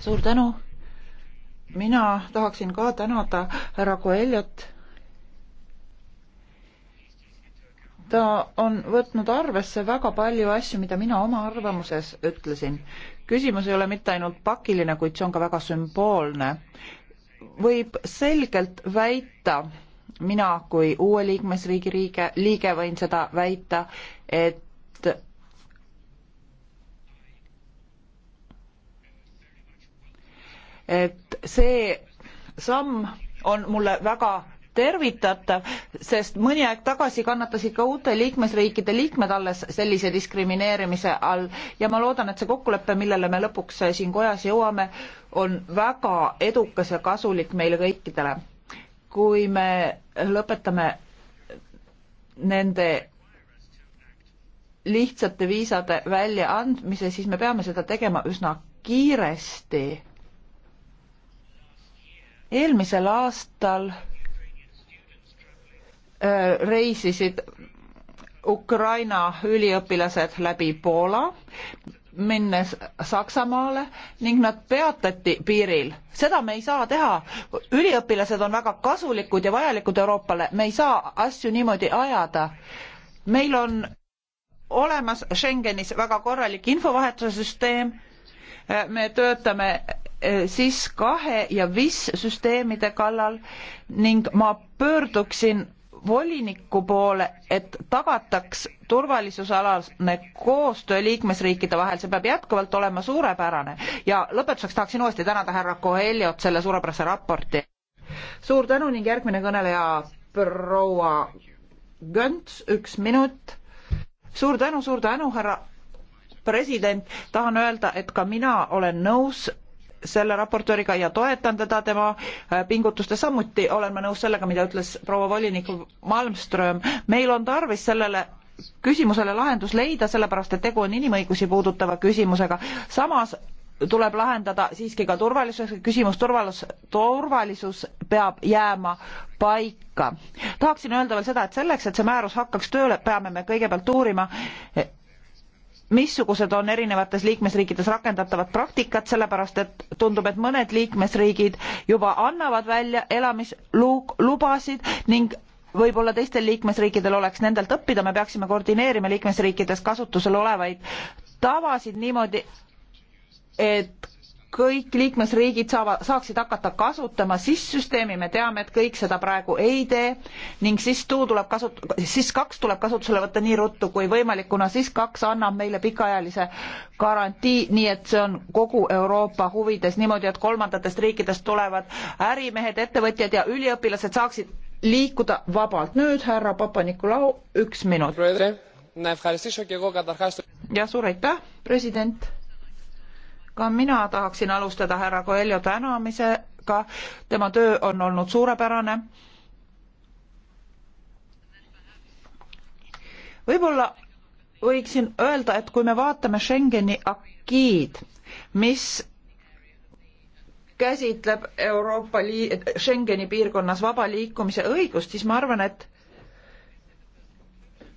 suur tänu. mina tahaksin ka tänada härra Koeljat. ta on võtnud arvesse väga palju asju, mida mina oma arvamuses ütlesin. küsimus ei ole mitte ainult pakiline, kuid see on ka väga sümboolne. võib selgelt väita, mina kui uue liikmesriigi liige, liige võin seda väita, et et see samm on mulle väga tervitatav, sest mõni aeg tagasi kannatasid ka uute liikmesriikide liikmed alles sellise diskrimineerimise all ja ma loodan, et see kokkulepe, millele me lõpuks siin kojas jõuame, on väga edukas ja kasulik meile kõikidele kui me lõpetame nende lihtsate viisade väljaandmise, siis me peame seda tegema üsna kiiresti. eelmisel aastal äh, reisisid Ukraina üliõpilased läbi Poola minnes Saksamaale ning nad peatati piiril. seda me ei saa teha. üliõpilased on väga kasulikud ja vajalikud Euroopale, me ei saa asju niimoodi ajada. meil on olemas Schengenis väga korralik infovahetuse süsteem, me töötame eh, siis kahe ja vis süsteemide kallal ning ma pöörduksin voliniku poole, et tagataks turvalisusalane koostöö liikmesriikide vahel, see peab jätkuvalt olema suurepärane. ja lõpetuseks tahaksin uuesti tänada härra Coelhot selle suurepärase raporti. suur tänu ning järgmine kõneleja proua Gönts, üks minut. suur tänu, suur tänu, härra president, tahan öelda, et ka mina olen nõus selle raportööriga ja toetan teda tema äh, pingutustes, samuti olen ma nõus sellega, mida ütles proua volinik Malmström. meil on tarvis sellele küsimusele lahendus leida, sellepärast et tegu on inimõigusi puudutava küsimusega. samas tuleb lahendada siiski ka turvalisuse küsimus, turvalisus, turvalisus peab jääma paika. tahaksin öelda veel seda, et selleks, et see määrus hakkaks tööle, peame me kõigepealt uurima, missugused on erinevates liikmesriikides rakendatavad praktikad, sellepärast et tundub, et mõned liikmesriigid juba annavad välja elamislubasid ning võib-olla teistel liikmesriikidel oleks nendelt õppida, me peaksime koordineerima liikmesriikides kasutusel olevaid tavasid niimoodi, et kõik liikmesriigid saavad, saaksid hakata kasutama SIS-süsteemi, me teame, et kõik seda praegu ei tee ning SIS-2 tuleb kasut-, SIS-2 tuleb kasutusele võtta nii ruttu kui võimalik, kuna SIS-2 annab meile pikaajalise garantii, nii et see on kogu Euroopa huvides niimoodi, et kolmandatest riikidest tulevad ärimehed, ettevõtjad ja üliõpilased saaksid liikuda vabalt. nüüd härra Papa-Nikolau, üks minut. jah, suur aitäh, president ka mina tahaksin alustada härra Coelho tänamisega, tema töö on olnud suurepärane. võib-olla võiksin öelda, et kui me vaatame Schengeni akiid, mis käsitleb Euroopa Liit, Schengeni piirkonnas vaba liikumise õigust, siis ma arvan, et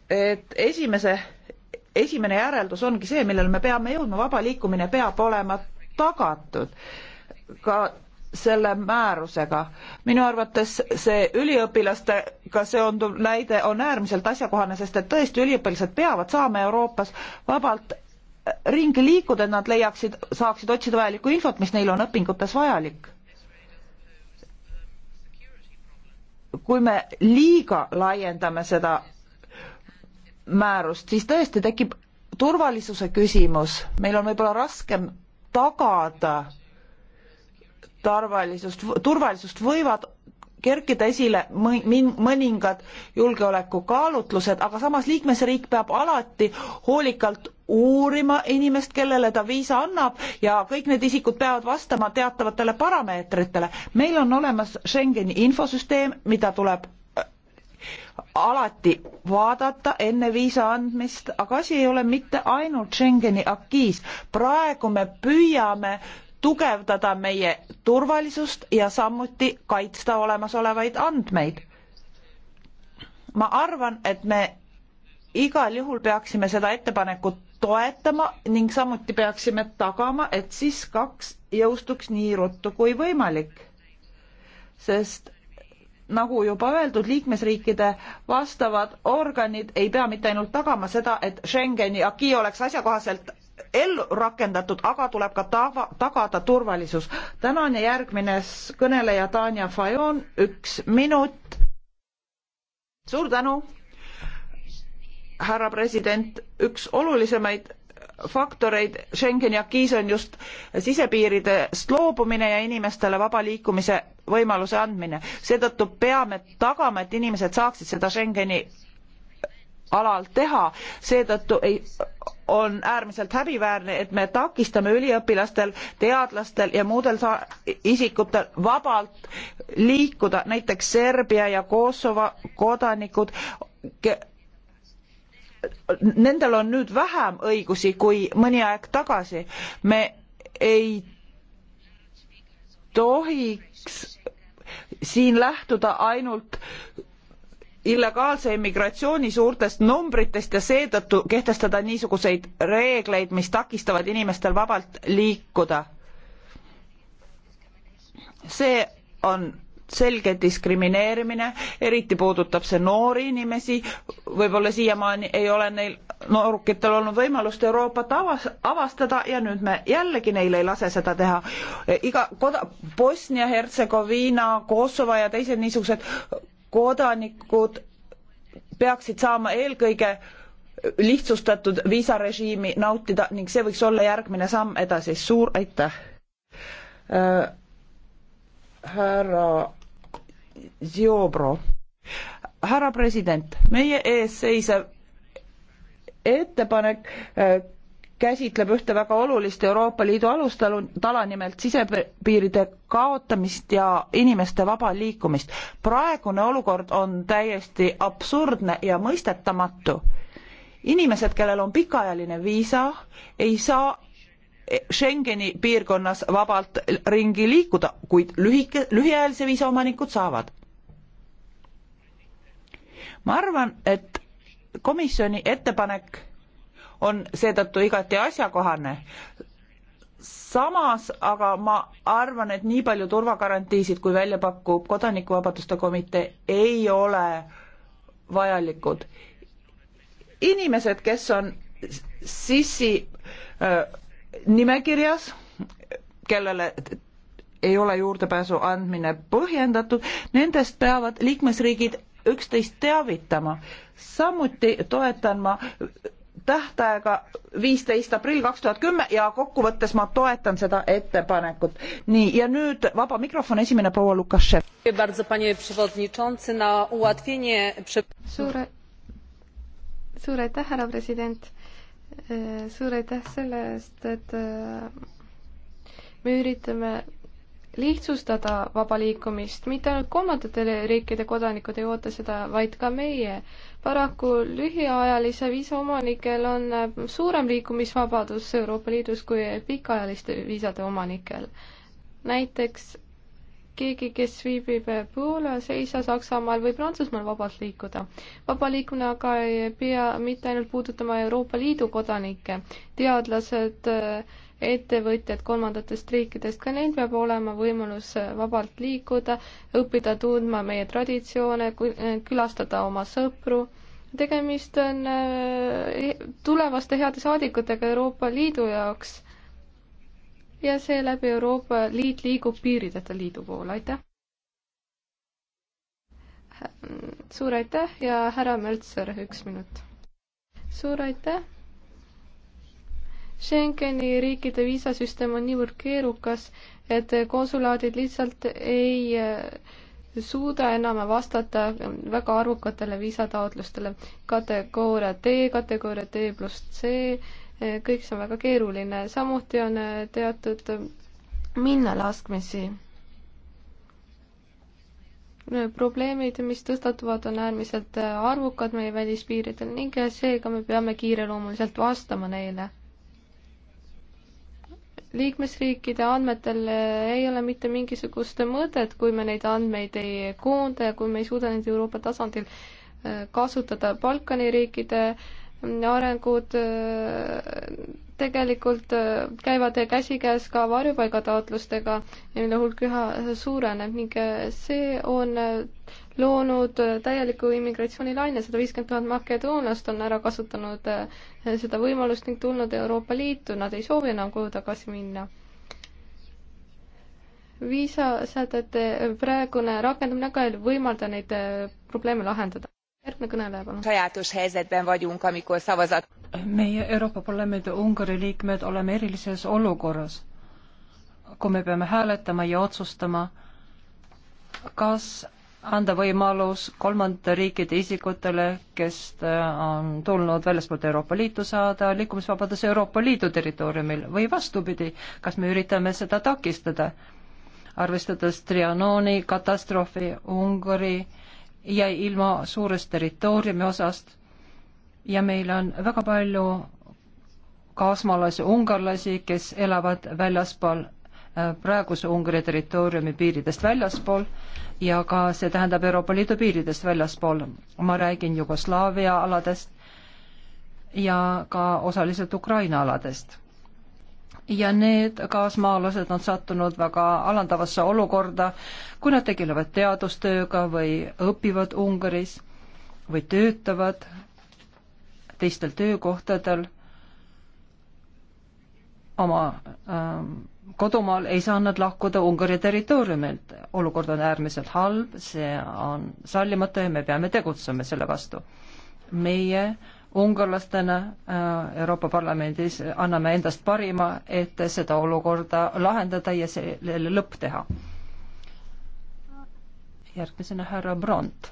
et esimese esimene järeldus ongi see, millele me peame jõudma, vaba liikumine peab olema tagatud ka selle määrusega. minu arvates see üliõpilastega seonduv näide on äärmiselt asjakohane, sest et tõesti, üliõpilased peavad saama Euroopas vabalt ringi liikuda, et nad leiaksid, saaksid otsida vajalikku infot, mis neil on õpingutes vajalik. kui me liiga laiendame seda määrust, siis tõesti tekib turvalisuse küsimus, meil on võib-olla raskem tagada tarvalisust, turvalisust võivad kerkida esile mõningad julgeolekukaalutlused, aga samas liikmesriik peab alati hoolikalt uurima inimest, kellele ta viisa annab ja kõik need isikud peavad vastama teatavatele parameetritele. meil on olemas Schengeni infosüsteem, mida tuleb alati vaadata enne viisa andmist, aga asi ei ole mitte ainult Schengeni akiis. praegu me püüame tugevdada meie turvalisust ja samuti kaitsta olemasolevaid andmeid. ma arvan, et me igal juhul peaksime seda ettepanekut toetama ning samuti peaksime tagama, et siis kaks jõustuks nii ruttu kui võimalik. sest nagu juba öeldud, liikmesriikide vastavad organid ei pea mitte ainult tagama seda, et Schengeni aki oleks asjakohaselt ellu rakendatud, aga tuleb ka tava, tagada turvalisus. tänane järgmine kõneleja Tanja Fajon, üks minut. suur tänu, härra president, üks olulisemaid faktoreid Schengeni akiis on just sisepiiridest loobumine ja inimestele vaba liikumise võimaluse andmine. seetõttu peame tagama, et inimesed saaksid seda Schengeni alal teha, seetõttu ei, on äärmiselt häbiväärne, et me takistame üliõpilastel, teadlastel ja muudel isikutel vabalt liikuda, näiteks Serbia ja Kosovo kodanikud, nendel on nüüd vähem õigusi kui mõni aeg tagasi. me ei tohiks siin lähtuda ainult illegaalse immigratsiooni suurtest numbritest ja seetõttu kehtestada niisuguseid reegleid, mis takistavad inimestel vabalt liikuda. see on selge diskrimineerimine, eriti puudutab see noori inimesi, võib-olla siiamaani ei ole neil noorukitel olnud võimalust Euroopat avas, avastada ja nüüd me jällegi neile ei lase seda teha. E, iga koda-, Bosnia-Hertsegoviina, Kosovo ja teised niisugused kodanikud peaksid saama eelkõige lihtsustatud viisarežiimi nautida ning see võiks olla järgmine samm edasi. suur aitäh! Äh, härra Ziobro. härra president, meie ees seisev ettepanek äh, käsitleb ühte väga olulist Euroopa Liidu alustala, nimelt sisepiiride kaotamist ja inimeste vaba liikumist. praegune olukord on täiesti absurdne ja mõistetamatu. inimesed, kellel on pikaajaline viisa, ei saa Schengeni piirkonnas vabalt ringi liikuda, kuid lühike, lühiajalise viisa omanikud saavad. ma arvan, et komisjoni ettepanek on seetõttu igati asjakohane. samas aga ma arvan, et nii palju turvagarantiisid, kui välja pakub Kodanikuvabaduste Komitee, ei ole vajalikud. inimesed, kes on sissi äh, nimekirjas, kellele ei ole juurdepääsu andmine põhjendatud, nendest peavad liikmesriigid üksteist teavitama. samuti toetan ma tähtaega viisteist aprill kaks tuhat kümme ja kokkuvõttes ma toetan seda ettepanekut. nii, ja nüüd vaba mikrofon, esimene proua Lukašev. suur, suur aitäh, härra president suur aitäh selle eest, et äh, me üritame lihtsustada vaba liikumist, mitte ainult kolmandatele riikide kodanikud ei oota seda, vaid ka meie. paraku lühiajalise viisa omanikel on äh, suurem liikumisvabadus Euroopa Liidus kui pikaajaliste viisade omanikel. näiteks keegi, kes viibib Poolas, ei saa Saksamaal või Prantsusmaal vabalt liikuda. vaba liikumine aga ei pea mitte ainult puudutama Euroopa Liidu kodanikke, teadlased, ettevõtjad kolmandatest riikidest, ka neil peab olema võimalus vabalt liikuda, õppida tundma meie traditsioone, külastada oma sõpru tegemist on eh, tulevaste heade saadikutega Euroopa Liidu jaoks ja seeläbi Euroopa Liit liigub piirideta liidu poole, aitäh! suur aitäh ja härra Möltser, üks minut. suur aitäh! Schengeni riikide viisasüsteem on niivõrd keerukas, et konsulaadid lihtsalt ei äh, suuda enam vastata väga arvukatele viisataotlustele kategooria D, kategooria D pluss C kõik see on väga keeruline, samuti on äh, teatud äh, minnalaskmisi. Äh, probleemid, mis tõstatuvad, on äärmiselt arvukad meie välispiiridel ning seega me peame kiireloomuliselt vastama neile. liikmesriikide andmetel ei ole mitte mingisugust mõtet, kui me neid andmeid ei koonda ja kui me ei suuda neid Euroopa tasandil kasutada Balkani riikide äh, arengud äh, tegelikult äh, käivad käsikäes ka varjupaigataotlustega, mille hulk üha suureneb ning äh, see on loonud täieliku immigratsioonilaine, sada viiskümmend tuhat makedoonlast on ära kasutanud seda võimalust ning tulnud Euroopa Liitu, nad ei soovi enam koju tagasi minna. viisasätete praegune rakendamine aga ei võimalda neid probleeme lahendada järgmine kõneleja, palun. sajatus helyzetben vagyunk, amikor szavazat. meie Euroopa Parlamendi Ungari liikmed oleme erilises olukorras, kui me peame hääletama ja otsustama, kas anda võimalus kolmandate riikide isikutele, kes äh, on tulnud väljaspoolt Euroopa Liitu, saada liikumisvabadus Euroopa Liidu territooriumil või vastupidi, kas me üritame seda takistada, arvestades Trianoni katastroofi, Ungari äh, jäi ilma suurest territooriumi osast ja meil on väga palju kaasmaalasi, ungarlasi, kes elavad väljaspool äh, praeguse Ungari territooriumi piiridest väljaspool ja ka see tähendab Euroopa Liidu piiridest väljaspool. ma räägin Jugoslaavia aladest ja ka osaliselt Ukraina aladest ja need kaasmaalased on sattunud väga alandavasse olukorda, kui nad tegelevad teadustööga või õpivad Ungaris või töötavad teistel töökohtadel oma ähm, kodumaal ei saa nad lahkuda Ungari territooriumilt. olukord on äärmiselt halb, see on sallimatu ja me peame tegutsema selle vastu. meie ungarlastena äh, Euroopa Parlamendis anname endast parima, et seda olukorda lahendada ja sellele lõpp teha. järgmisena härra Brandt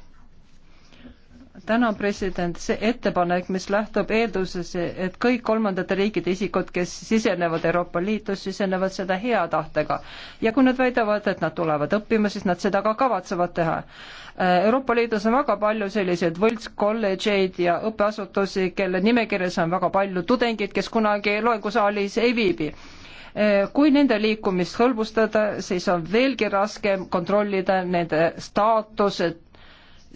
täna president, see ettepanek, mis lähtub eelduses, et kõik kolmandate riikide isikud, kes sisenevad Euroopa Liitu, sisenevad seda hea tahtega. ja kui nad väidavad, et nad tulevad õppima, siis nad seda ka kavatsevad teha. Äh, Euroopa Liidus on väga palju selliseid võltskolledžeid ja õppeasutusi, kelle nimekirjas on väga palju tudengeid, kes kunagi loengusaalis ei viibi äh, kui nende liikumist hõlbustada, siis on veelgi raskem kontrollida nende staatused,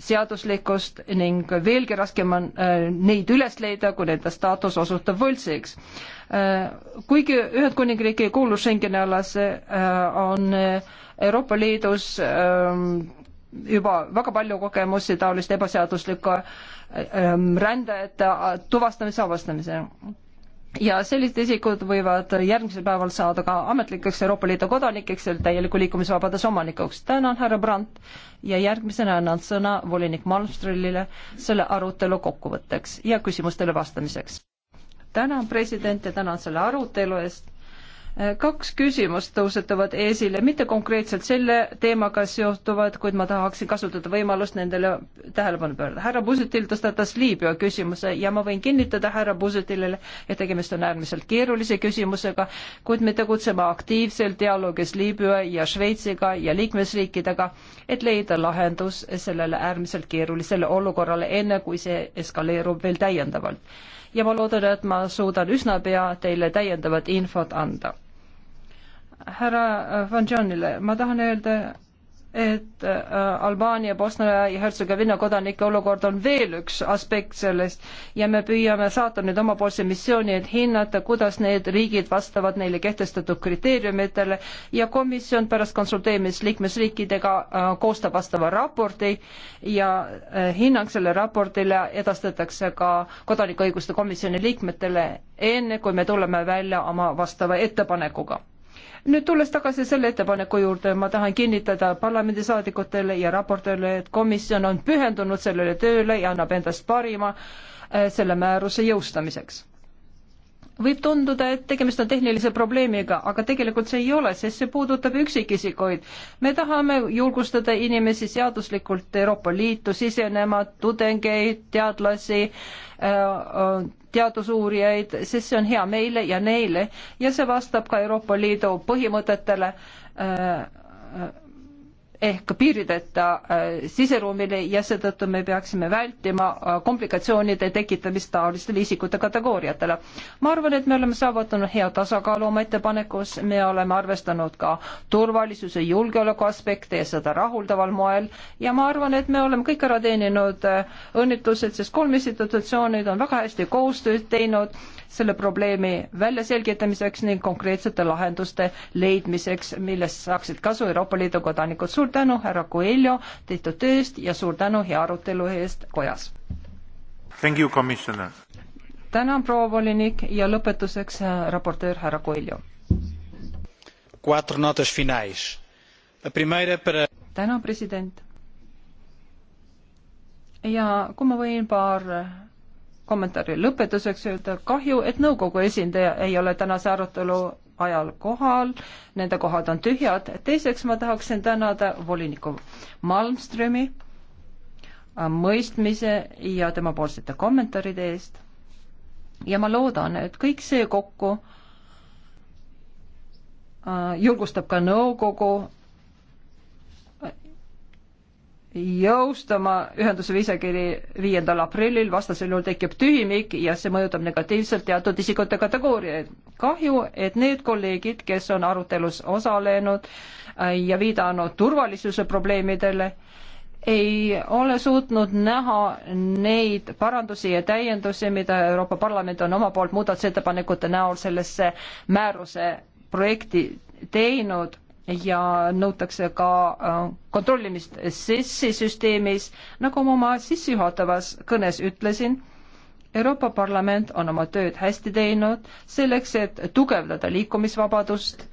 seaduslikkust ning veelgi raskem on äh, neid üles leida, kui nende staatus osutub võltsiks. Äh, kuigi Ühendkuningriik ei kuulu Schengeni alasse, äh, on Euroopa Liidus ähm, juba väga palju kogemusi taoliste ebaseaduslike ähm, rändajate tuvastamise, avastamisel ja sellised isikud võivad järgmisel päeval saada ka ametlikeks Euroopa Liidu kodanikeks ja täieliku liikumisvabaduse omanikuks. tänan, härra Brandt ja järgmisena annan sõna volinik Malmstrellile selle arutelu kokkuvõtteks ja küsimustele vastamiseks. tänan, president, ja tänan selle arutelu eest kaks küsimust tõusetuvad esile, mitte konkreetselt selle teemaga seotuvad, kuid ma tahaksin kasutada võimalust nendele tähelepanu pöörata. härra Pusutil tõstatas Liibüa küsimuse ja ma võin kinnitada härra Pusutilile, et tegemist on äärmiselt keerulise küsimusega, kuid me tegutseme aktiivselt dialoogis Liibüa ja Šveitsiga ja liikmesriikidega, et leida lahendus sellele äärmiselt keerulisele olukorrale, enne kui see eskaleerub veel täiendavalt. ja ma loodan, et ma suudan üsna pea teile täiendavat infot anda härra äh, Van Johnile, ma tahan öelda, et äh, Albaania, Bosnia ja Hertsegoviina kodanike olukord on veel üks aspekt sellest ja me püüame saata nüüd omapoolse missiooni, et hinnata, kuidas need riigid vastavad neile kehtestatud kriteeriumitele ja komisjon pärast konsulteerimist liikmesriikidega äh, koostab vastava raporti ja hinnang selle raportile edastatakse ka kodanikuõiguste komisjoni liikmetele, enne kui me tuleme välja oma vastava ettepanekuga nüüd tulles tagasi selle ettepaneku juurde, ma tahan kinnitada parlamendisaadikutele ja raportööle, et komisjon on pühendunud sellele tööle ja annab endast parima äh, selle määruse jõustamiseks võib tunduda, et tegemist on tehnilise probleemiga, aga tegelikult see ei ole, sest see puudutab üksikisikuid. me tahame julgustada inimesi seaduslikult Euroopa Liitu sisenema, tudengeid, teadlasi, äh, äh, teadusuurijaid, sest see on hea meile ja neile ja see vastab ka Euroopa Liidu põhimõtetele äh, ehk piirideta äh, siseruumile ja seetõttu me peaksime vältima äh, komplikatsioonide tekitamist taolistele isikute kategooriatele. ma arvan, et me oleme saavutanud hea tasakaalu oma ettepanekus, me oleme arvestanud ka turvalisuse, julgeoleku aspekte ja seda rahuldaval moel ja ma arvan, et me oleme kõik ära teeninud äh, õnnitlused, sest kolm institutsioonid on väga hästi koostööd teinud selle probleemi väljaselgitamiseks ning konkreetsete lahenduste leidmiseks, millest saaksid kasu Euroopa Liidu kodanikud. suur tänu, härra Coelho, tehtud töö eest ja suur tänu hea arutelu eest kojas. tänan, proua volinik ja lõpetuseks äh, raportöör härra Coelho. tänan, president ja kui ma võin paar kommentaari lõpetuseks öelda kahju, et nõukogu esindaja ei ole tänase arutelu ajal kohal, nende kohad on tühjad. teiseks ma tahaksin tänada voliniku Malmströmi äh, mõistmise ja temapoolsete kommentaaride eest. ja ma loodan, et kõik see kokku äh, julgustab ka nõukogu jõustama ühenduse viisakiri viiendal aprillil, vastasel juhul tekib tühimik ja see mõjutab negatiivselt teatud isikute kategooriaid. kahju, et need kolleegid, kes on arutelus osalenud äh, ja viidanud turvalisuse probleemidele, ei ole suutnud näha neid parandusi ja täiendusi, mida Euroopa Parlament on oma poolt muudatusettepanekute näol sellesse määruse projekti teinud ja nõutakse ka äh, kontrollimist SIS-i süsteemis. nagu ma oma sissejuhatavas kõnes ütlesin, Euroopa Parlament on oma tööd hästi teinud selleks, et tugevdada liikumisvabadust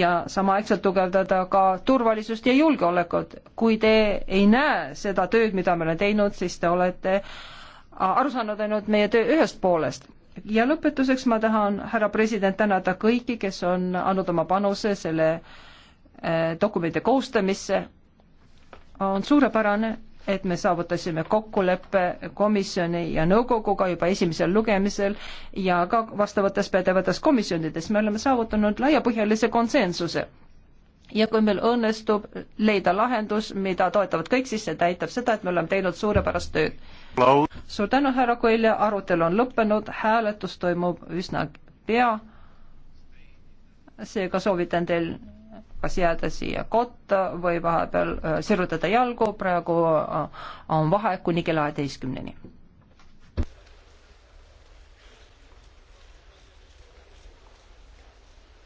ja samaaegselt tugevdada ka turvalisust ja julgeolekut. kui te ei näe seda tööd, mida me oleme teinud, siis te olete äh, aru saanud ainult meie töö ühest poolest. ja lõpetuseks ma tahan, härra president, tänada kõiki, kes on andnud oma panuse selle äh, Äh, dokumentide koostamisse, on suurepärane, et me saavutasime kokkuleppe komisjoni ja nõukoguga juba esimesel lugemisel ja ka vastavates pädevates komisjonides me oleme saavutanud laiapõhjalise konsensuse. ja kui meil õnnestub leida lahendus, mida toetavad kõik, siis see täitab seda, et me oleme teinud suurepärast tööd. suur tänu, härra Koilja, arutelu on lõppenud, hääletus toimub üsna pea. seega soovitan teil kas jääda siia kotta või vahepeal äh, sirutada jalgu, praegu äh, on vaheaeg kuni kella üheteistkümneni